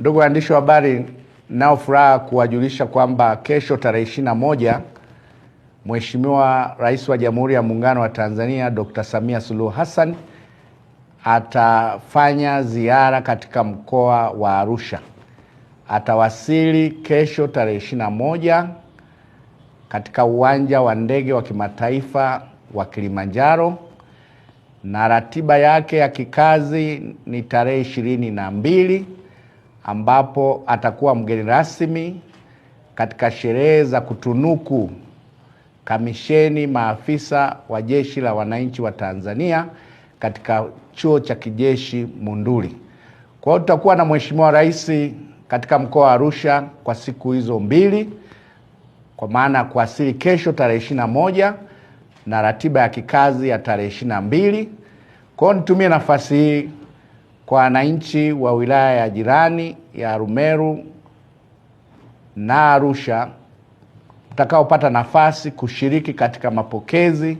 Ndugu waandishi wa habari, nao furaha kuwajulisha kwamba kesho tarehe ishirini na moja Mheshimiwa Rais wa Jamhuri ya Muungano wa Tanzania Dr. Samia Suluhu Hassan atafanya ziara katika mkoa wa Arusha. Atawasili kesho tarehe ishirini na moja katika uwanja wa ndege wa kimataifa wa Kilimanjaro na ratiba yake ya kikazi ni tarehe ishirini na mbili ambapo atakuwa mgeni rasmi katika sherehe za kutunuku kamisheni maafisa wa Jeshi la Wananchi wa Tanzania katika chuo cha kijeshi Munduli. Kwa hiyo tutakuwa na Mheshimiwa Rais katika mkoa wa Arusha kwa siku hizo mbili, kwa maana ya kuasili kesho tarehe ishirini na moja na ratiba ya kikazi ya tarehe ishirini na mbili. Kwa hiyo nitumie nafasi hii kwa wananchi wa wilaya ya jirani ya Arumeru na Arusha utakaopata nafasi kushiriki katika mapokezi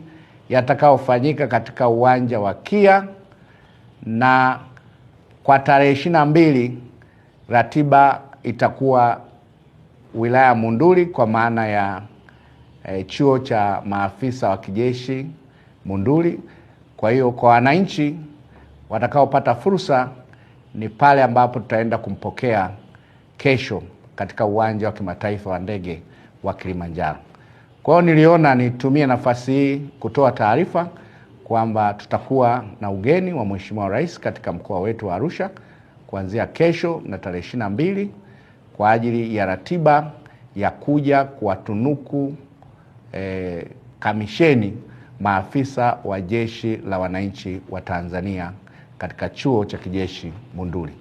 yatakayofanyika katika uwanja wa KIA na kwa tarehe ishirini na mbili ratiba itakuwa wilaya Munduli kwa maana ya e, chuo cha maafisa wa kijeshi Munduli. Kwa hiyo kwa wananchi Watakaopata fursa ni pale ambapo tutaenda kumpokea kesho katika uwanja wa kimataifa wa ndege wa Kilimanjaro. Kwa hiyo niliona nitumie nafasi hii kutoa taarifa kwamba tutakuwa na ugeni wa Mheshimiwa Rais katika mkoa wetu wa Arusha kuanzia kesho na tarehe ishirini na mbili kwa ajili ya ratiba ya kuja kuwatunuku eh, kamisheni maafisa wa Jeshi la Wananchi wa Tanzania katika chuo cha kijeshi Monduli.